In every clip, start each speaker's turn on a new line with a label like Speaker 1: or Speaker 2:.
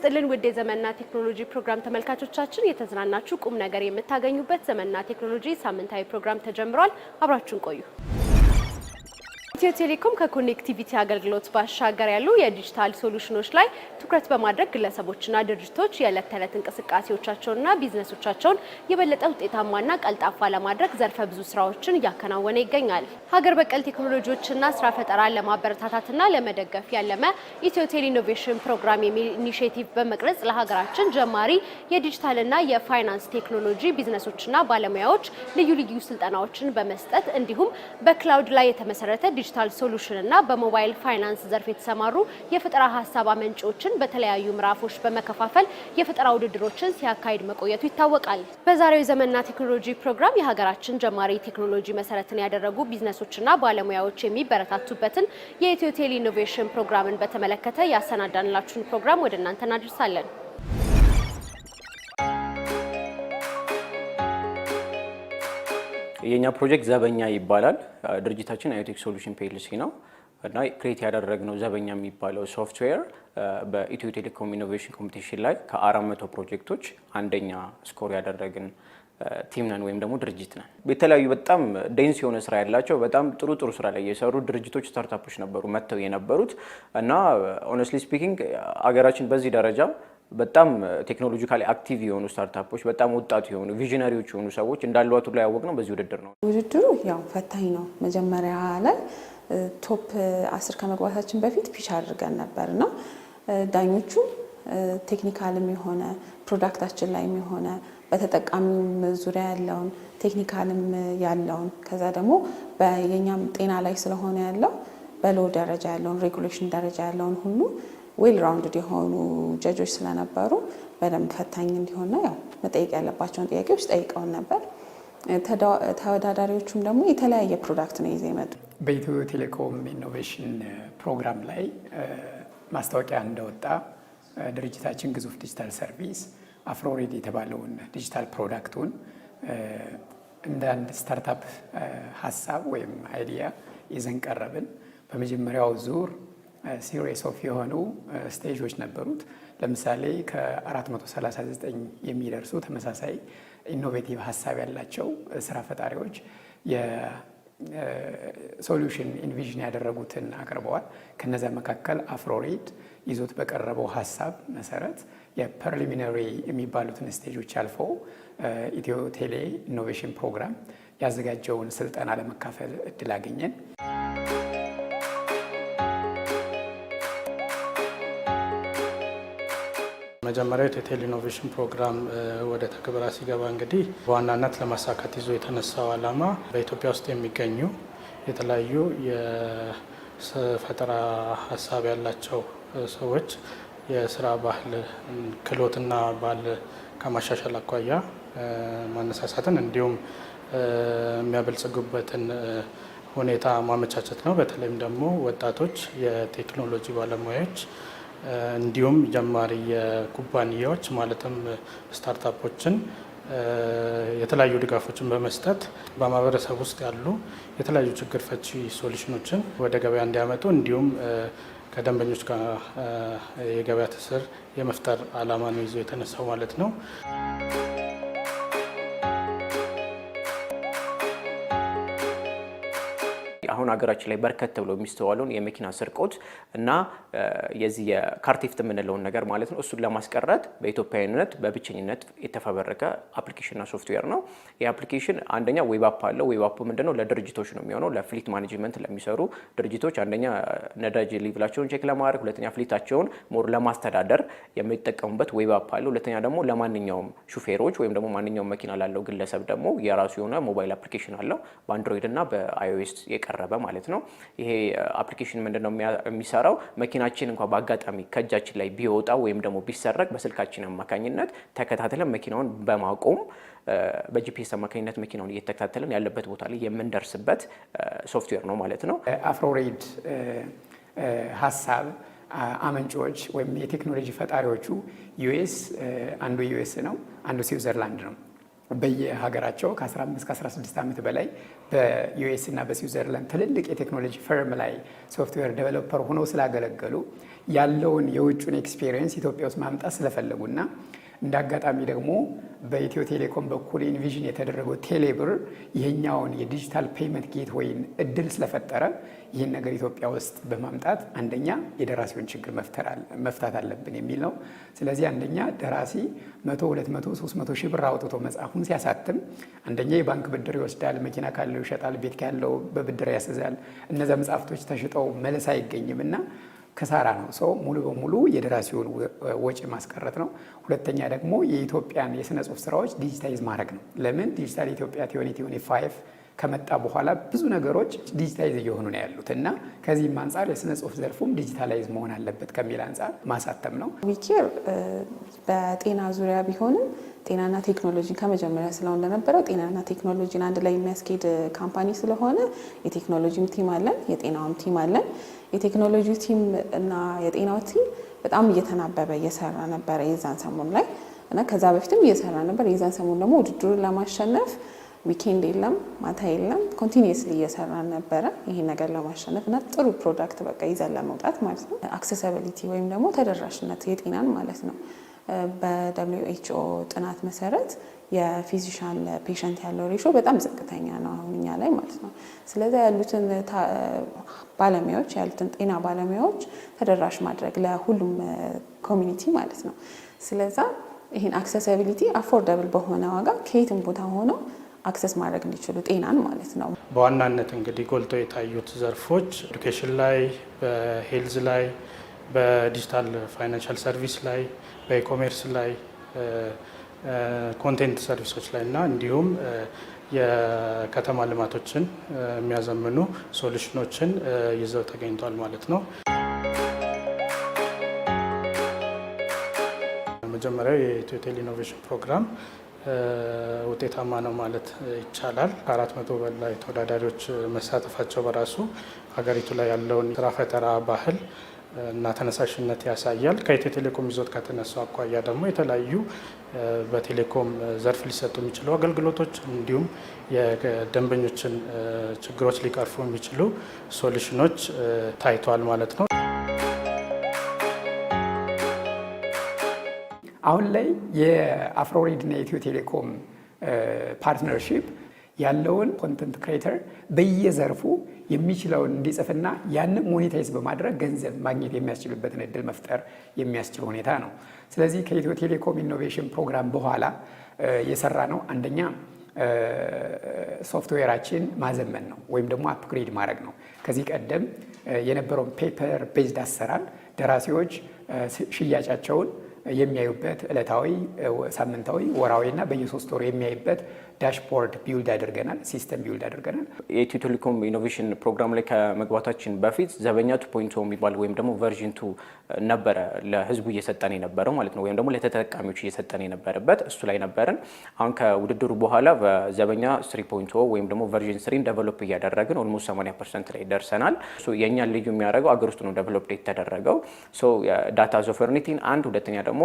Speaker 1: ይስጥልን ውድ የዘመንና ቴክኖሎጂ ፕሮግራም ተመልካቾቻችን፣ የተዝናናችሁ ቁም ነገር የምታገኙበት ዘመንና ቴክኖሎጂ ሳምንታዊ ፕሮግራም ተጀምሯል። አብራችሁን ቆዩ። ኢትዮ ቴሌኮም ከኮኔክቲቪቲ አገልግሎት ባሻገር ያሉ የዲጂታል ሶሉሽኖች ላይ ትኩረት በማድረግ ግለሰቦችና ድርጅቶች የዕለት ተዕለት እንቅስቃሴዎቻቸውንና ቢዝነሶቻቸውን የበለጠ ውጤታማና ቀልጣፋ ለማድረግ ዘርፈ ብዙ ስራዎችን እያከናወነ ይገኛል። ሀገር በቀል ቴክኖሎጂዎችና ስራ ፈጠራን ለማበረታታትና ለመደገፍ ያለመ ኢትዮ ቴል ኢኖቬሽን ፕሮግራም የሚል ኢኒሽቲቭ በመቅረጽ ለሀገራችን ጀማሪ የዲጂታልና የፋይናንስ ቴክኖሎጂ ቢዝነሶችና ባለሙያዎች ልዩ ልዩ ስልጠናዎችን በመስጠት እንዲሁም በክላውድ ላይ የተመሰረተ ዲጂታል ሶሉሽን እና በሞባይል ፋይናንስ ዘርፍ የተሰማሩ የፈጠራ ሀሳብ አመንጮችን በተለያዩ ምዕራፎች በመከፋፈል የፈጠራ ውድድሮችን ሲያካሂድ መቆየቱ ይታወቃል። በዛሬው የዘመንና ቴክኖሎጂ ፕሮግራም የሀገራችን ጀማሪ ቴክኖሎጂ መሰረትን ያደረጉ ቢዝነሶችና ባለሙያዎች የሚበረታቱበትን የኢትዮቴል ኢኖቬሽን ፕሮግራምን በተመለከተ ያሰናዳንላችሁን ፕሮግራም ወደ እናንተ እናደርሳለን።
Speaker 2: የእኛ ፕሮጀክት ዘበኛ ይባላል። ድርጅታችን አዮቴክ ሶሉሽን ፔልሲ ነው እና ክሬት ያደረግነው ዘበኛ የሚባለው ሶፍትዌር በኢትዮ ቴሌኮም ኢኖቬሽን ኮምፒቲሽን ላይ ከአራት መቶ ፕሮጀክቶች አንደኛ ስኮር ያደረግን ቲም ነን ወይም ደግሞ ድርጅት ነን። የተለያዩ በጣም ዴንስ የሆነ ስራ ያላቸው በጣም ጥሩ ጥሩ ስራ ላይ የሰሩ ድርጅቶች ስታርታፖች ነበሩ መጥተው የነበሩት እና ኦነስትሊ ስፒኪንግ አገራችን በዚህ ደረጃ በጣም ቴክኖሎጂካሊ አክቲቭ የሆኑ ስታርታፖች፣ በጣም ወጣቱ የሆኑ ቪዥነሪዎች የሆኑ ሰዎች እንዳሏቱ ላይ ነው በዚህ ውድድር ነው።
Speaker 3: ውድድሩ ያው ፈታኝ ነው። መጀመሪያ ላይ ቶፕ አስር ከመግባታችን በፊት ፒች አድርገን ነበር እና ዳኞቹ ቴክኒካልም የሆነ ፕሮዳክታችን ላይም የሆነ በተጠቃሚም ዙሪያ ያለውን ቴክኒካልም ያለውን ከዛ ደግሞ በየኛም ጤና ላይ ስለሆነ ያለው በሎ ደረጃ ያለውን ሬጉሌሽን ደረጃ ያለውን ሁሉ ዌል ራውንድድ የሆኑ ጀጆች ስለነበሩ በደንብ ፈታኝ እንዲሆንና ያው መጠየቅ ያለባቸውን ጥያቄዎች ጠይቀውን ነበር። ተወዳዳሪዎቹም ደግሞ የተለያየ ፕሮዳክት ነው ይዘው የመጡ።
Speaker 4: በኢትዮ ቴሌኮም ኢኖቬሽን ፕሮግራም ላይ ማስታወቂያ እንደወጣ ድርጅታችን ግዙፍ ዲጂታል ሰርቪስ አፍሮሬድ የተባለውን ዲጂታል ፕሮዳክቱን እንደ አንድ ስታርታፕ ሀሳብ ወይም አይዲያ ይዘን ቀረብን። በመጀመሪያው ዙር ሲሪየስ ኦፍ የሆኑ ስቴጆች ነበሩት። ለምሳሌ ከ439 የሚደርሱ ተመሳሳይ ኢኖቬቲቭ ሀሳብ ያላቸው ስራ ፈጣሪዎች የሶሉሽን ኢንቪዥን ያደረጉትን አቅርበዋል። ከነዚያ መካከል አፍሮሬድ ይዞት በቀረበው ሀሳብ መሰረት የፐርሊሚነሪ የሚባሉትን ስቴጆች አልፎ ኢትዮ ቴሌ ኢኖቬሽን ፕሮግራም ያዘጋጀውን ስልጠና ለመካፈል እድል አገኘን።
Speaker 5: መጀመሪያው የቴል ኢኖቬሽን ፕሮግራም ወደ ትግበራ ሲገባ እንግዲህ በዋናነት ለማሳካት ይዞ የተነሳው ዓላማ በኢትዮጵያ ውስጥ የሚገኙ የተለያዩ የፈጠራ ሀሳብ ያላቸው ሰዎች የስራ ባህል ክህሎትና ባህል ከማሻሻል አኳያ ማነሳሳትን እንዲሁም የሚያበልጽጉበትን ሁኔታ ማመቻቸት ነው። በተለይም ደግሞ ወጣቶች የቴክኖሎጂ ባለሙያዎች እንዲሁም ጀማሪ የኩባንያዎች ማለትም ስታርታፖችን የተለያዩ ድጋፎችን በመስጠት በማህበረሰብ ውስጥ ያሉ የተለያዩ ችግር ፈቺ ሶሉሽኖችን ወደ ገበያ እንዲያመጡ እንዲሁም ከደንበኞች ጋር የገበያ ትስር የመፍጠር ዓላማ ነው ይዞ የተነሳው ማለት ነው።
Speaker 6: አሁን ሀገራችን ላይ በርከት ብሎ የሚስተዋለውን የመኪና ስርቆት እና የዚህ የካርቴፍት የምንለውን ነገር ማለት ነው እሱን ለማስቀረት በኢትዮጵያዊነት በብቸኝነት የተፈበረከ አፕሊኬሽንና ሶፍትዌር ነው። ይህ አፕሊኬሽን አንደኛ ዌብ አፕ አለው። ዌብ አፕ ምንድነው? ለድርጅቶች ነው የሚሆነው ለፍሊት ማኔጅመንት ለሚሰሩ ድርጅቶች አንደኛ ነዳጅ ሌቭላቸውን ቼክ ለማድረግ፣ ሁለተኛ ፍሊታቸውን ሞር ለማስተዳደር የሚጠቀሙበት ዌብ አፕ አለ። ሁለተኛ ደግሞ ለማንኛውም ሹፌሮች ወይም ደግሞ ማንኛውም መኪና ላለው ግለሰብ ደግሞ የራሱ የሆነ ሞባይል አፕሊኬሽን አለው በአንድሮይድ እና በአይኦኤስ የቀረበ የሚባለው ማለት ነው። ይሄ አፕሊኬሽን ነው የሚሰራው? መኪናችን እንኳ በአጋጣሚ ከእጃችን ላይ ቢወጣ ወይም ደግሞ ቢሰረቅ በስልካችን አማካኝነት ተከታትለን መኪናውን በማቆም በጂፒኤስ አማካኝነት መኪናውን እየተከታተለን ያለበት ቦታ ላይ የምንደርስበት ሶፍትዌር ነው ማለት ነው።
Speaker 7: አፍሮሬድ ሀሳብ አመንጮች ወይም የቴክኖሎጂ ፈጣሪዎቹ ዩኤስ አንዱ ዩኤስ ነው፣ አንዱ ስዊዘርላንድ ነው። በየሀገራቸው ከ15 ከ16 ዓመት በላይ በዩኤስ እና በስዊዘርላንድ ትልልቅ የቴክኖሎጂ ፈርም ላይ ሶፍትዌር ዴቨሎፐር ሆነው ስላገለገሉ ያለውን የውጩን ኤክስፔሪየንስ ኢትዮጵያ ውስጥ ማምጣት ስለፈለጉና እንደ አጋጣሚ ደግሞ በኢትዮ ቴሌኮም በኩል ኢንቪዥን የተደረገው ቴሌብር ይህኛውን የዲጂታል ፔይመንት ጌት ወይን እድል ስለፈጠረ ይህን ነገር ኢትዮጵያ ውስጥ በማምጣት አንደኛ የደራሲውን ችግር መፍታት አለብን የሚል ነው። ስለዚህ አንደኛ ደራሲ መቶ ሁለት መቶ ሶስት መቶ ሺህ ብር አውጥቶ መጽሐፉን ሲያሳትም አንደኛ የባንክ ብድር ይወስዳል፣ መኪና ካለው ይሸጣል፣ ቤት ካለው በብድር ያስዛል። እነዚያ መጽሐፍቶች ተሽጠው መልስ አይገኝም እና ክሳራ ነው። ሰው ሙሉ በሙሉ የደራሲውን ወጪ ማስቀረት ነው። ሁለተኛ ደግሞ የኢትዮጵያን የስነ ጽሁፍ ስራዎች ዲጂታይዝ ማድረግ ነው። ለምን ዲጂታል ኢትዮጵያ ቲዮኒ ቲዮኒ ፋይቭ ከመጣ በኋላ ብዙ ነገሮች ዲጂታይዝ እየሆኑ ነው ያሉት እና ከዚህም አንጻር የስነ ጽሁፍ ዘርፉም ዲጂታላይዝ መሆን አለበት ከሚል አንጻር ማሳተም ነው።
Speaker 3: ዊኬር በጤና ዙሪያ ቢሆንም ጤናና ቴክኖሎጂ ከመጀመሪያ ስለሆን ለነበረው ጤናና ቴክኖሎጂን አንድ ላይ የሚያስኬድ ካምፓኒ ስለሆነ የቴክኖሎጂም ቲም አለን፣ የጤናውም ቲም አለን። የቴክኖሎጂ ቲም እና የጤናው ቲም በጣም እየተናበበ እየሰራ ነበረ የዛን ሰሞን ላይ እና ከዛ በፊትም እየሰራ ነበር። የዛን ሰሞን ደግሞ ውድድሩን ለማሸነፍ ዊኬንድ የለም ማታ የለም ኮንቲኒየስሊ እየሰራ ነበረ ይህ ነገር ለማሸነፍ እና ጥሩ ፕሮዳክት በቃ ይዘን ለመውጣት ማለት ነው። አክሴሳቢሊቲ ወይም ደግሞ ተደራሽነት የጤናን ማለት ነው በደብሊው ኤች ኦ ጥናት መሰረት የፊዚሻን ፔሸንት ያለው ሬሾ በጣም ዝቅተኛ ነው አሁን እኛ ላይ ማለት ነው። ስለዚህ ያሉትን ባለሙያዎች ያሉትን ጤና ባለሙያዎች ተደራሽ ማድረግ ለሁሉም ኮሚኒቲ ማለት ነው። ስለዛ ይህን አክሰሲቢሊቲ አፎርደብል በሆነ ዋጋ ከየትም ቦታ ሆነው አክሰስ ማድረግ እንዲችሉ ጤናን ማለት ነው።
Speaker 5: በዋናነት እንግዲህ ጎልቶ የታዩት ዘርፎች ኤዱኬሽን ላይ፣ በሄልዝ ላይ፣ በዲጂታል ፋይናንሻል ሰርቪስ ላይ፣ በኢኮሜርስ ላይ ኮንቴንት ሰርቪሶች ላይ እና እንዲሁም የከተማ ልማቶችን የሚያዘምኑ ሶሉሽኖችን ይዘው ተገኝቷል ማለት ነው። መጀመሪያው የኢትዮቴል ኢኖቬሽን ፕሮግራም ውጤታማ ነው ማለት ይቻላል። ከአራት መቶ በላይ ተወዳዳሪዎች መሳተፋቸው በራሱ ሀገሪቱ ላይ ያለውን ስራ ፈጠራ ባህል እና ተነሳሽነት ያሳያል። ከኢትዮ ቴሌኮም ይዞት ከተነሳው አኳያ ደግሞ የተለያዩ በቴሌኮም ዘርፍ ሊሰጡ የሚችሉ አገልግሎቶች እንዲሁም የደንበኞችን ችግሮች ሊቀርፉ የሚችሉ ሶሉሽኖች ታይተዋል ማለት ነው።
Speaker 8: አሁን ላይ የአፍሮሪድ እና የኢትዮ ቴሌኮም ፓርትነርሺፕ ያለውን ኮንተንት ክሬተር በየዘርፉ የሚችለውን እንዲጽፍና ያንን ሞኔታይዝ በማድረግ ገንዘብ ማግኘት የሚያስችሉበትን እድል መፍጠር የሚያስችል ሁኔታ ነው። ስለዚህ ከኢትዮ ቴሌኮም ኢኖቬሽን ፕሮግራም በኋላ የሰራ ነው አንደኛ ሶፍትዌራችን ማዘመን ነው ወይም ደግሞ አፕግሬድ ማድረግ ነው። ከዚህ ቀደም የነበረውን ፔፐር ቤዝድ አሰራር ደራሲዎች ሽያጫቸውን የሚያዩበት ዕለታዊ፣ ሳምንታዊ፣ ወራዊ እና በየሶስት ወሩ የሚያዩበት ዳሽቦርድ ቢውልድ አድርገናል፣ ሲስተም ቢውልድ አድርገናል።
Speaker 9: የኢትዮ ቴሌኮም ኢኖቬሽን ፕሮግራም ላይ ከመግባታችን በፊት ዘበኛ ቱ ፖይንት የሚባል ወይም ደግሞ ቨርዥን ቱ ነበረ ለህዝቡ እየሰጠን የነበረው ማለት ነው፣ ወይም ደግሞ ለተጠቃሚዎች እየሰጠን የነበረበት እሱ ላይ ነበርን። አሁን ከውድድሩ በኋላ በዘበኛ ስሪ ፖይንት ወይም ደግሞ ቨርዥን ስሪን ደቨሎፕ እያደረግን ኦልሞስት 80 ፐርሰንት ላይ ደርሰናል። የእኛን ልዩ የሚያደርገው አገር ውስጥ ነው ደቨሎፕ የተደረገው ዳታ ሶቨርኒቲን አንድ፣ ሁለተኛ ደግሞ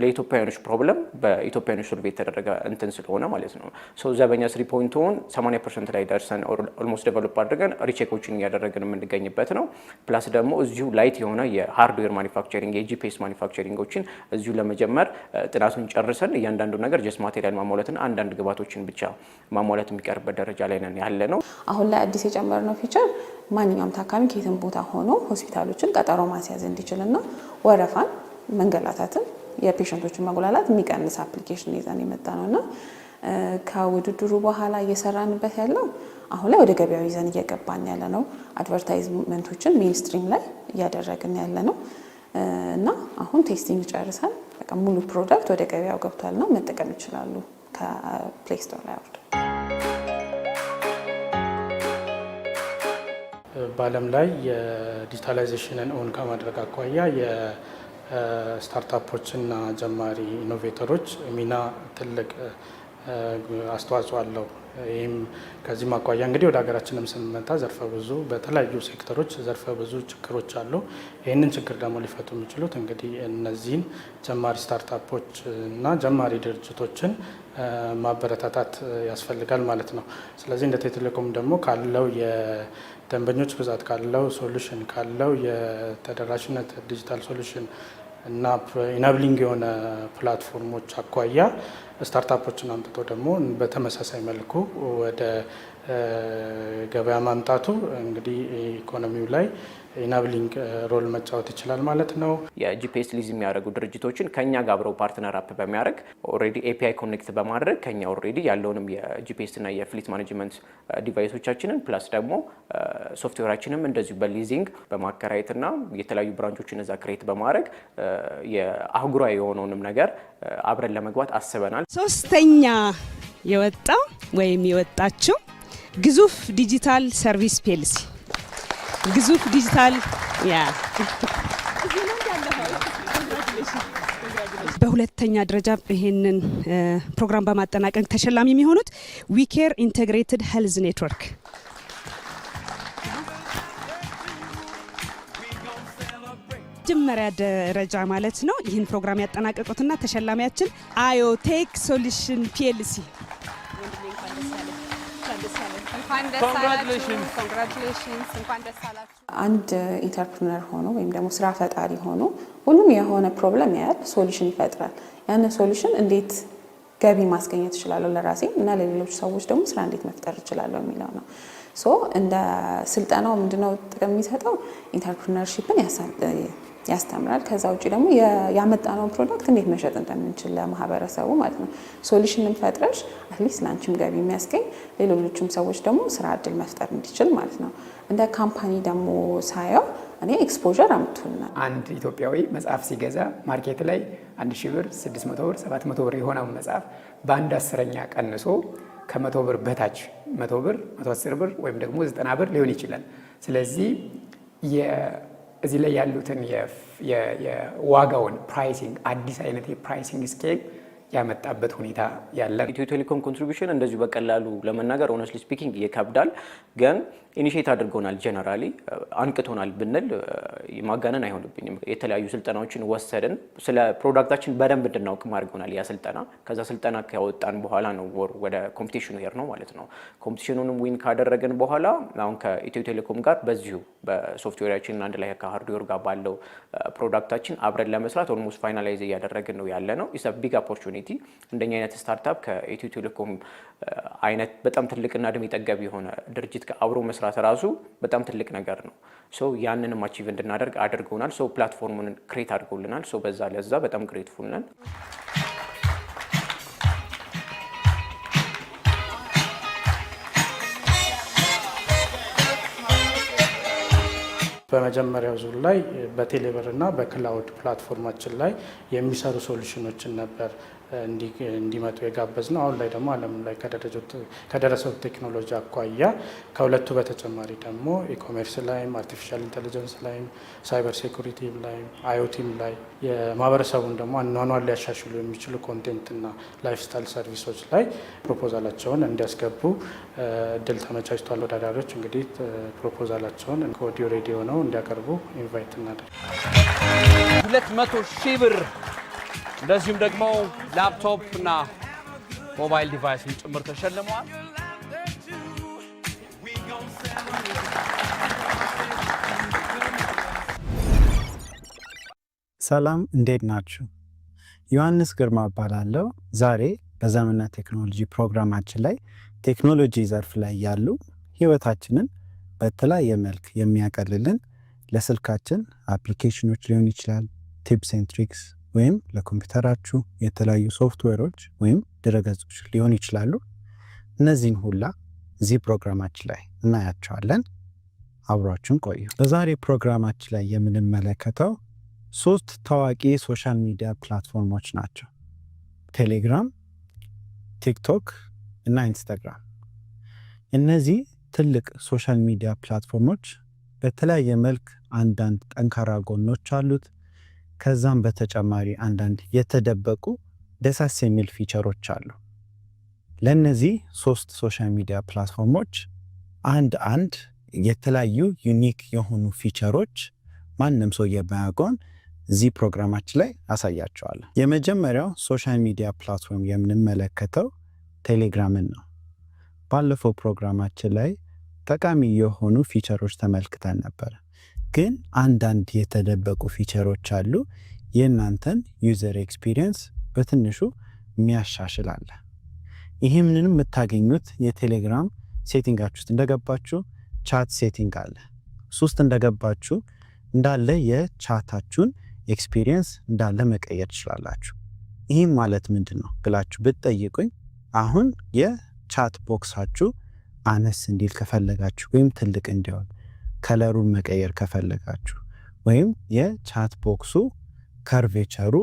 Speaker 9: ለኢትዮጵያኖች ፕሮብለም በኢትዮጵያኖች ሶልቭ የተደረገ እንትን ስለሆነ ማለት ነው ነው። ሶ እዚያ ስሪ ፖይንቱን 80 ፐርሰንት ላይ ደርሰን ኦልሞስት ዴቨሎፕ አድርገን ሪቼኮችን እያደረግን የምንገኝበት ነው። ፕላስ ደግሞ እዚሁ ላይት የሆነ የሃርድዌር ማኒፋክቸሪንግ የጂፒኤስ ማኒፋክቸሪንጎችን እዚሁ ለመጀመር uh, ጥናቱን ጨርሰን እያንዳንዱ ነገር ጀስት ማቴሪያል ማሟላትና አንዳንድ ግባቶችን ብቻ ማሟላት የሚቀርበት ደረጃ ላይ ነን ያለ ነው።
Speaker 3: አሁን ላይ አዲስ የጨመርነው ፊቸር ማንኛውም ታካሚ ከየትም ቦታ ሆኖ ሆስፒታሎችን ቀጠሮ ማስያዝ እንዲችልና ወረፋን መንገላታትን የፔሽንቶችን መጉላላት የሚቀንስ አፕሊኬሽን ይዘን የመጣ ነው እና ከውድድሩ በኋላ እየሰራንበት ያለው አሁን ላይ ወደ ገበያው ይዘን እየገባን ያለ ነው። አድቨርታይዝመንቶችን ሜንስትሪም ላይ እያደረግን ያለ ነው እና አሁን ቴስቲንግ ጨርሰን ሙሉ ፕሮዳክት ወደ ገበያው ነው መጠቀም ይችላሉ ከፕሌይ ስቶር ላይ አውርደው።
Speaker 5: በዓለም ላይ የዲጂታላይዜሽንን እውን ከማድረግ አኳያ የስታርታፖችና ጀማሪ ኢኖቬተሮች ሚና ትልቅ አስተዋጽኦ አለው። ይህም ከዚህም አኳያ እንግዲህ ወደ ሀገራችንም ስንመጣ ዘርፈ ብዙ በተለያዩ ሴክተሮች ዘርፈ ብዙ ችግሮች አሉ። ይህንን ችግር ደግሞ ሊፈቱ የሚችሉት እንግዲህ እነዚህን ጀማሪ ስታርታፖች እና ጀማሪ ድርጅቶችን ማበረታታት ያስፈልጋል ማለት ነው። ስለዚህ እንደ ቴሌኮም ደግሞ ካለው የደንበኞች ብዛት ካለው ሶሉሽን ካለው የተደራሽነት ዲጂታል ሶሉሽን እና ኢናብሊንግ የሆነ ፕላትፎርሞች አኳያ ስታርታፖችን አምጥቶ ደግሞ በተመሳሳይ መልኩ ወደ ገበያ ማምጣቱ እንግዲህ ኢኮኖሚው ላይ ኢናብሊንግ ሮል መጫወት ይችላል ማለት ነው።
Speaker 6: የጂፒኤስ ሊዝ የሚያደርጉ ድርጅቶችን ከኛ ጋር አብረው ፓርትነር አፕ በሚያደርግ ኦልሬዲ ኤፒአይ ኮኔክት በማድረግ ከኛ ኦልሬዲ ያለውንም የጂፒኤስ እና የፍሊት ማኔጅመንት ዲቫይሶቻችንን ፕላስ ደግሞ ሶፍትዌራችንም እንደዚሁ በሊዚንግ በማከራየት እና የተለያዩ ብራንቾችን እዛ ክሬት በማድረግ የአህጉራዊ የሆነውንም ነገር አብረን ለመግባት አስበናል።
Speaker 10: ሶስተኛ የወጣው ወይም የወጣችው ግዙፍ ዲጂታል ሰርቪስ ፔልሲ ግዙፍ ዲጂታል ያ በሁለተኛ ደረጃ ይሄንን ፕሮግራም በማጠናቀቅ ተሸላሚ የሚሆኑት ዊኬር ኢንቴግሬትድ ሄልዝ ኔትወርክ መጀመሪያ ደረጃ ማለት ነው። ይህን ፕሮግራም ያጠናቀቁትና ተሸላሚያችን አዮቴክ ሶሉሽን ፒኤልሲ
Speaker 3: አንድ ኢንተርፕሪነር ሆኖ ወይም ደግሞ ስራ ፈጣሪ ሆኖ ሁሉም የሆነ ፕሮብለም ያያል፣ ሶሉሽን ይፈጥራል። ያንን ሶሉሽን እንዴት ገቢ ማስገኘት እችላለሁ ለራሴ እና ለሌሎች ሰዎች ደግሞ ስራ እንዴት መፍጠር እችላለሁ የሚለው ነው። ሶ እንደ ስልጠናው ምንድነው ጥቅም የሚሰጠው ኢንተርፕሪነርሺፕን ያስተምራል። ከዛ ውጭ ደግሞ ያመጣነውን ፕሮዳክት እንዴት መሸጥ እንደምንችል ለማህበረሰቡ ማለት ነው። ሶሉሽንን ፈጥረሽ አትሊስት ለአንቺም ገቢ የሚያስገኝ ሌሎቹም ሰዎች ደግሞ ስራ እድል መፍጠር እንዲችል ማለት ነው። እንደ ካምፓኒ ደግሞ ሳየው እኔ ኤክስፖዠር አምጥቶልና
Speaker 7: አንድ ኢትዮጵያዊ መጽሐፍ ሲገዛ ማርኬት ላይ አንድ ሺህ ብር፣ ስድስት መቶ ብር፣ ሰባት መቶ ብር የሆነውን መጽሐፍ በአንድ አስረኛ ቀንሶ ከመቶ ብር በታች መቶ ብር፣ መቶ አስር ብር ወይም ደግሞ ዘጠና ብር ሊሆን ይችላል። ስለዚህ እዚህ ላይ ያሉትን የዋጋውን ፕራይሲንግ አዲስ አይነት የፕራይሲንግ ስኬል ያመጣበት ሁኔታ ያለ
Speaker 9: ኢትዮ ቴሌኮም ኮንትሪቢሽን እንደዚሁ በቀላሉ ለመናገር ኦነስትሊ ስፒኪንግ ይከብዳል፣ ግን ኢኒሽት አድርጎናል። ጀነራሊ አንቅቶናል ብንል ማጋነን አይሆንብኝም። የተለያዩ ስልጠናዎችን ወሰድን። ስለ ፕሮዳክታችን በደንብ እንድናውቅ አድርጎናል ያ ስልጠና። ከዛ ስልጠና ከወጣን በኋላ ነው ወር ወደ ኮምፒቲሽኑ ሄር ነው ማለት ነው። ኮምፒቲሽኑንም ዊን ካደረግን በኋላ አሁን ከኢትዮ ቴሌኮም ጋር በዚሁ በሶፍትዌራችን አንድ ላይ ከሃርድዌር ጋር ባለው ፕሮዳክታችን አብረን ለመስራት ኦልሞስት ፋይናላይዝ እያደረግን ነው ያለ ነው። ቢግ ኦፖርቹኒቲ ኦፖርቹኒቲ እንደኛ አይነት ስታርታፕ ከኢትዮ ቴሌኮም አይነት በጣም ትልቅና እድሜ ጠገብ የሆነ ድርጅት አብሮ መስራት ራሱ በጣም ትልቅ ነገር ነው። ሶ ያንንም አቺቭ እንድናደርግ አድርገውናል። ሶ ፕላትፎርሙን ክሬት አድርገውልናል። ሶ በዛ ለዛ በጣም ግሬትፉል ነን።
Speaker 5: በመጀመሪያው ዙር ላይ በቴሌብር እና በክላውድ ፕላትፎርማችን ላይ የሚሰሩ ሶሉሽኖችን ነበር እንዲመጡ የጋበዝ ነው። አሁን ላይ ደግሞ ዓለም ላይ ከደረሰው ቴክኖሎጂ አኳያ ከሁለቱ በተጨማሪ ደግሞ ኢኮሜርስ ላይም አርቲፊሻል ኢንቴሊጀንስ ላይም ሳይበር ሴኩሪቲ ላይም አዮቲም ላይ የማህበረሰቡን ደግሞ አኗኗን ሊያሻሽሉ የሚችሉ ኮንቴንትና ላይፍ ስታይል ሰርቪሶች ላይ ፕሮፖዛላቸውን እንዲያስገቡ እድል ተመቻችቷል። ወዳዳሪዎች እንግዲህ ፕሮፖዛላቸውን ከወዲሁ ሬዲዮ ነው እንዲያቀርቡ ኢንቫይት እናደርግ
Speaker 11: ሁለት መቶ ሺህ ብር እንደዚሁም ደግሞ ላፕቶፕ እና ሞባይል ዲቫይስን ጭምር ተሸልመዋል።
Speaker 12: ሰላም እንዴት ናችሁ? ዮሐንስ ግርማ እባላለሁ። ዛሬ በዘመንና ቴክኖሎጂ ፕሮግራማችን ላይ ቴክኖሎጂ ዘርፍ ላይ ያሉ ህይወታችንን በተለያየ መልክ የሚያቀልልን ለስልካችን አፕሊኬሽኖች ሊሆን ይችላል ቲፕስ ኤንድ ትሪክስ ወይም ለኮምፒውተራችሁ የተለያዩ ሶፍትዌሮች ወይም ድረገጾች ሊሆን ይችላሉ። እነዚህን ሁላ እዚህ ፕሮግራማችን ላይ እናያቸዋለን። አብሯችን ቆዩ። በዛሬ ፕሮግራማችን ላይ የምንመለከተው ሶስት ታዋቂ የሶሻል ሚዲያ ፕላትፎርሞች ናቸው። ቴሌግራም፣ ቲክቶክ እና ኢንስታግራም። እነዚህ ትልቅ ሶሻል ሚዲያ ፕላትፎርሞች በተለያየ መልክ አንዳንድ ጠንካራ ጎኖች አሉት፣ ከዛም በተጨማሪ አንዳንድ የተደበቁ ደሳስ የሚል ፊቸሮች አሉ። ለእነዚህ ሶስት ሶሻል ሚዲያ ፕላትፎርሞች አንድ አንድ የተለያዩ ዩኒክ የሆኑ ፊቸሮች ማንም ሰው የማያውቀውን እዚህ ፕሮግራማችን ላይ አሳያቸዋለሁ። የመጀመሪያው ሶሻል ሚዲያ ፕላትፎርም የምንመለከተው ቴሌግራምን ነው። ባለፈው ፕሮግራማችን ላይ ጠቃሚ የሆኑ ፊቸሮች ተመልክተን ነበር። ግን አንዳንድ የተደበቁ ፊቸሮች አሉ። የእናንተን ዩዘር ኤክስፒሪየንስ በትንሹ የሚያሻሽላለ። አለ። ይህምንም የምታገኙት የቴሌግራም ሴቲንጋችሁ ውስጥ እንደገባችሁ ቻት ሴቲንግ አለ። እሱ ውስጥ እንደገባችሁ እንዳለ የቻታችሁን ኤክስፒሪየንስ እንዳለ መቀየር ትችላላችሁ። ይህም ማለት ምንድን ነው ብላችሁ ብትጠይቁኝ አሁን የቻት ቦክሳችሁ አነስ እንዲል ከፈለጋችሁ ወይም ትልቅ እንዲሆን ከለሩን መቀየር ከፈለጋችሁ ወይም የቻት ቦክሱ ከርቬቸሩ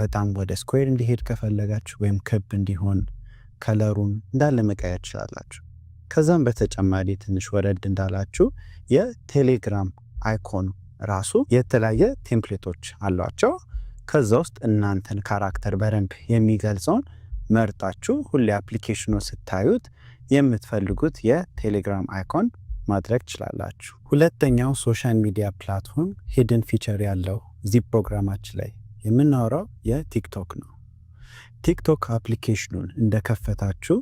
Speaker 12: በጣም ወደ ስኩዌር እንዲሄድ ከፈለጋችሁ ወይም ክብ እንዲሆን ከለሩን እንዳለ መቀየር ትችላላችሁ። ከዛም በተጨማሪ ትንሽ ወረድ እንዳላችሁ የቴሌግራም አይኮን ራሱ የተለያየ ቴምፕሌቶች አሏቸው። ከዛ ውስጥ እናንተን ካራክተር በደንብ የሚገልጸውን መርጣችሁ ሁሌ አፕሊኬሽኑ ስታዩት የምትፈልጉት የቴሌግራም አይኮን ማድረግ ትችላላችሁ። ሁለተኛው ሶሻል ሚዲያ ፕላትፎርም ሂድን ፊቸር ያለው እዚህ ፕሮግራማችን ላይ የምናወራው የቲክቶክ ነው። ቲክቶክ አፕሊኬሽኑን እንደከፈታችሁ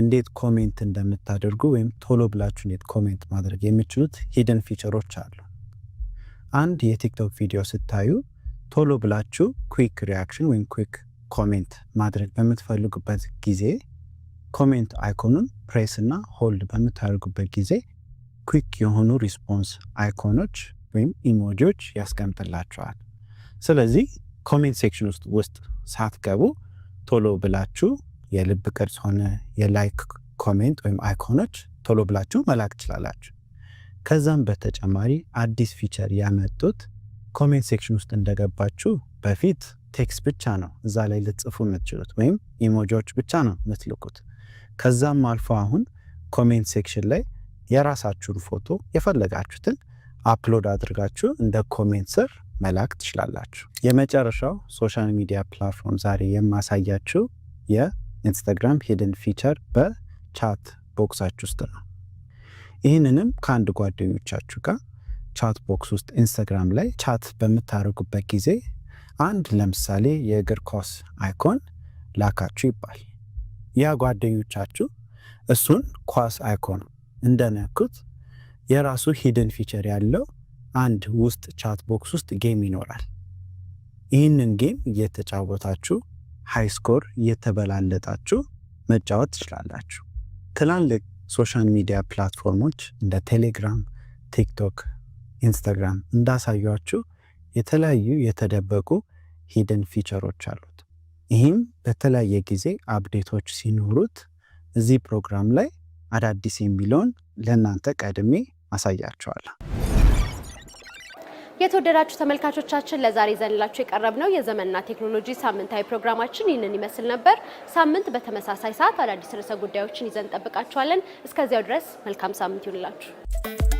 Speaker 12: እንዴት ኮሜንት እንደምታደርጉ ወይም ቶሎ ብላችሁ እንዴት ኮሜንት ማድረግ የሚችሉት ሂድን ፊቸሮች አሉ። አንድ የቲክቶክ ቪዲዮ ስታዩ ቶሎ ብላችሁ ኩዊክ ሪያክሽን ወይም ኩዊክ ኮሜንት ማድረግ በምትፈልጉበት ጊዜ ኮሜንት አይኮኑን ፕሬስ እና ሆልድ በምታደርጉበት ጊዜ ኩክ የሆኑ ሪስፖንስ አይኮኖች ወይም ኢሞጂዎች ያስቀምጥላቸዋል። ስለዚህ ኮሜንት ሴክሽን ውስጥ ውስጥ ሳትገቡ ቶሎ ብላችሁ የልብ ቅርጽ ሆነ የላይክ ኮሜንት ወይም አይኮኖች ቶሎ ብላችሁ መላክ ትችላላችሁ። ከዛም በተጨማሪ አዲስ ፊቸር ያመጡት ኮሜንት ሴክሽን ውስጥ እንደገባችሁ በፊት ቴክስት ብቻ ነው እዛ ላይ ልትጽፉ የምትችሉት ወይም ኢሞጂዎች ብቻ ነው የምትልኩት። ከዛም አልፎ አሁን ኮሜንት ሴክሽን ላይ የራሳችሁን ፎቶ የፈለጋችሁትን አፕሎድ አድርጋችሁ እንደ ኮሜንት ስር መላክ ትችላላችሁ። የመጨረሻው ሶሻል ሚዲያ ፕላትፎርም ዛሬ የማሳያችሁ የኢንስታግራም ሂድን ፊቸር በቻት ቦክሳችሁ ውስጥ ነው። ይህንንም ከአንድ ጓደኞቻችሁ ጋር ቻት ቦክስ ውስጥ ኢንስታግራም ላይ ቻት በምታደርጉበት ጊዜ አንድ ለምሳሌ የእግር ኳስ አይኮን ላካችሁ ይባል ያ ጓደኞቻችሁ እሱን ኳስ አይኮን እንደነኩት የራሱ ሂድን ፊቸር ያለው አንድ ውስጥ ቻት ቦክስ ውስጥ ጌም ይኖራል። ይህንን ጌም እየተጫወታችሁ ሃይ ስኮር እየተበላለጣችሁ መጫወት ትችላላችሁ። ትላልቅ ሶሻል ሚዲያ ፕላትፎርሞች እንደ ቴሌግራም፣ ቲክቶክ፣ ኢንስታግራም እንዳሳያችሁ የተለያዩ የተደበቁ ሂድን ፊቸሮች አሉት። ይህም በተለያየ ጊዜ አፕዴቶች ሲኖሩት እዚህ ፕሮግራም ላይ አዳዲስ የሚለውን ለእናንተ ቀድሜ አሳያችኋለሁ።
Speaker 1: የተወደዳችሁ ተመልካቾቻችን ለዛሬ ዘንላችሁ የቀረብነው የዘመንና ቴክኖሎጂ ሳምንታዊ ፕሮግራማችን ይህንን ይመስል ነበር። ሳምንት በተመሳሳይ ሰዓት አዳዲስ ርዕሰ ጉዳዮችን ይዘን እንጠብቃችኋለን። እስከዚያው ድረስ መልካም ሳምንት ይሁንላችሁ።